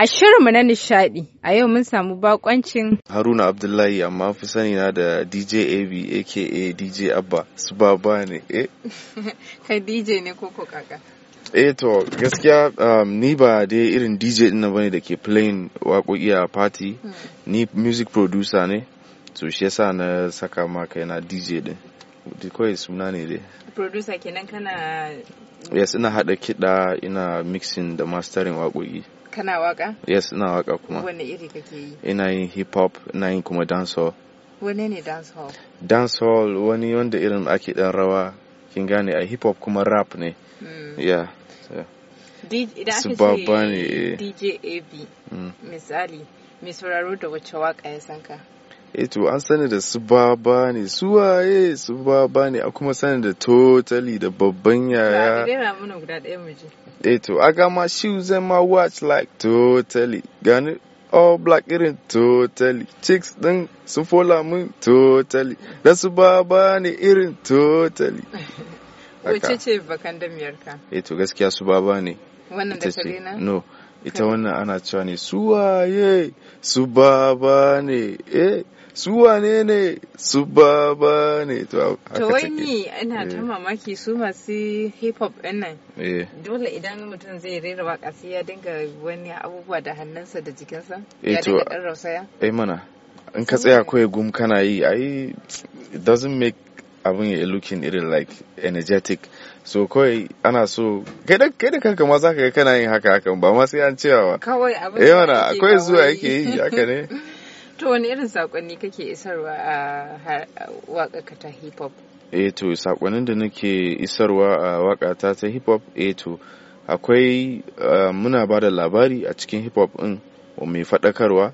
A shirinmu na nishadi a yau mun samu bakoncin Haruna Abdullahi amma fi sani na da DJ AB aka DJ Abba su baba ne eh kai DJ ne ko ko kaka eh to gaskiya um, ni ba dai irin DJ din nan bane da ke playing waƙoƙi a party hmm. ni music producer ne to shi yasa na saka ma kai na DJ din kawai suna ne dai producer kenan kana yes ina hada kiɗa ina mixing da mastering waƙoƙi Kana waka? Yes, ina waka kuma. wani iri kake yi? Ina yin hip hop, ina yin kuma dancehall. wani ne dancehall? Dancehall wani wanda irin ake dan rawa, kin gane a hip hop kuma rap ne. ya hmm. Yeah. Su babba ne. DJ AB. Hmm. Misali, mai sauraro da wacce waka ya sanka? Eh to an sani da su baba ne su waye su baba ne a kuma sani da totally da babban yaya Eto eh to aga ma shi zai ma watch like totally gani all black irin totally chicks din sun fola min totally da su baba ne irin totally wace ce bakan damiyarka eh to gaskiya su baba ne wannan da na no ita wannan ana cewa ne su waye su baba ne eh su wane ne su baba ne to wai ni ina ta eh. mamaki su masu hip hop din nan eh. dole idan mutum zai rera waka sai ya dinga wani abubuwa da hannunsa da jikinsa eh, ya dinga dan rausaya eh mana in ka tsaya koyi gum kana yi ai it doesn't make abin ya looking irin like energetic so kawai ana so kai da kai da kanka ma za ka ga kana yin haka hakan ba ma sai an cewa ba kawai abin eh da yana akwai zuwa yake yi haka ne to wani irin sakonni kake isarwa a waƙa ta hip hop eh to sakonnin da nake isarwa a waƙa ta ta hip hop eh to akwai muna ba da labari a cikin hip hop din mai faɗakarwa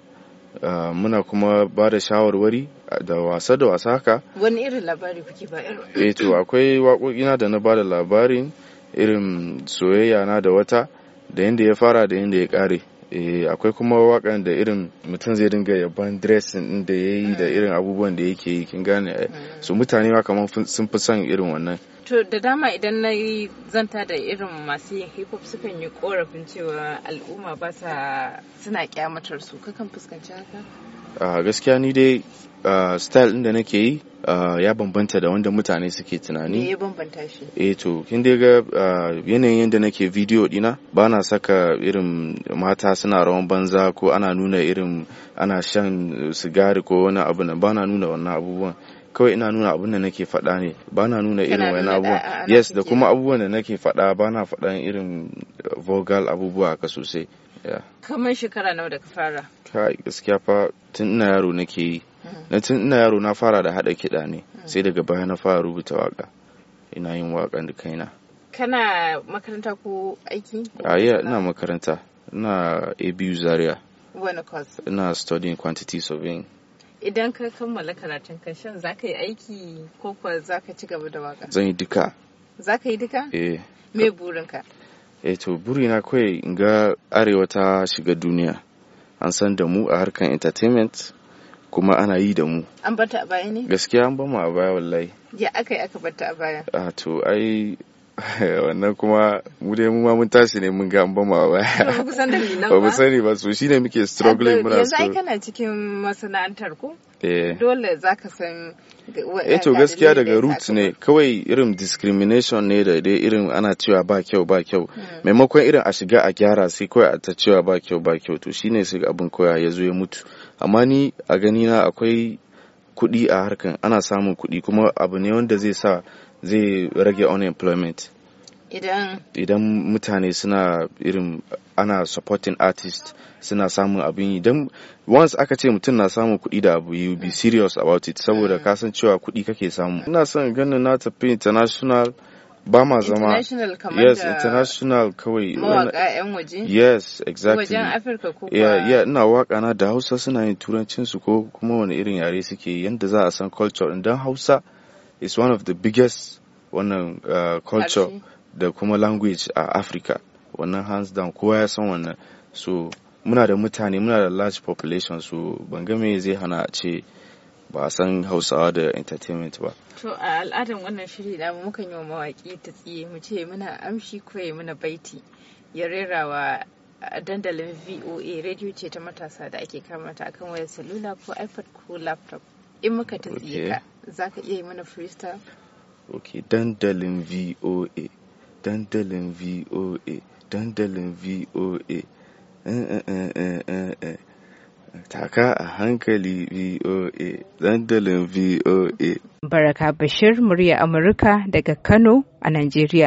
muna kuma ba da shawarwari da wasa da wasa haka wani irin labari kuke ba eh to akwai waƙoƙina da na ba da labarin irin soyayya na da wata da yadda ya fara da yadda ya ƙare eh, akwai kuma waƙan da irin mutum zai dinga yaban dressing din da ya yi da mm. irin abubuwan da yake yi kin gane eh, su mutane ma kamar sun fi son irin wannan to da dama idan na yi zanta da irin masu yin hip hop sukan yi korafin cewa al'umma ba sa suna kyamatar su kakan fuskanci haka a gaskiya ni dai style ɗin da nake yi ya bambanta da wanda mutane suke tunani eh, ya bambanta shi eh to kin dai ga yanayin yadda nake video dina ba na saka irin mata suna rawan banza ko ana nuna irin ana shan sigari ko wani abu ba na nuna wannan abubuwan kawai ina nuna abin da nake faɗa ne ba na nuna irin wani abubuwa yes da kuma abubuwan da nake faɗa ba na faɗan irin vogal abubuwa ka sosai kamar shekara nawa da ka fara kai gaskiya fa tun ina yaro nake yi mm. na tun ina yaro na fara da haɗa kiɗa ne mm. sai daga baya na fara rubuta waka ina yin waƙan da kaina kana makaranta ko aiki a iya ina makaranta ina abu zaria wani course ina studying quantity surveying idan ka kammala karatun ka shan za ka yi aiki ko kuwa za ka ci gaba da waka zan yi duka za ka yi duka eh me burinka eh to burina kawai in ga arewa ta shiga duniya an san da mu a harkar entertainment kuma ana yi da mu an bata a baya ne gaskiya an bamu a baya wallahi ya aka yi aka bata a baya a ah to ai Eh, wannan kuma mu dai mu ma mun tashi ne mun ga an bama ba ba mu sani ba su shine muke struggling muna so yanzu kana cikin masana'antar ku eh. dole zaka san eh to gaskiya daga root ne kawai irin discrimination ne da dai irin ana cewa ba kyau ba kyau hmm. maimakon irin a shiga a gyara sai kawai a ta cewa ba kyau ba kyau to shine sai abin koya ya zo ya mutu amma ni a gani na akwai kuɗi a harkan ana samun kuɗi kuma abu ne wanda zai sa zai rage unemployment idan mutane suna irin ana supporting artist suna samun abin yi don once aka ce mutum na samun kuɗi da abu you be serious about it saboda ka cewa kuɗi kake samu ina son ganin na tafi international ba ma zama yes international kawai mawaƙa yan waje yes exactly wajen afirka ko yeah yeah ina waka na da hausa suna yin turancinsu ko kuma wani irin yare suke yanda za a san culture don hausa is one of the biggest wannan uh, culture da kuma language a uh, Africa wannan hands down kowa ya san wannan so muna da mutane muna da large population so ban zai hana a ce ba a san hausawa da entertainment ba to a al'adar wannan shiri da mukan yi wa mawaki ta tsiye mu ce muna amshi kawai muna baiti ya rera wa dandalin voa radio ce ta matasa da ake kamata akan wayar salula ko ipad ko laptop in muka ta okay. za ka iya yi mana freestyle ok dandalin voa dandalin voa dandalin voa eh, eh, eh, taka a hankali voa dandalin voa baraka bashir murya amurka daga kano a nigeria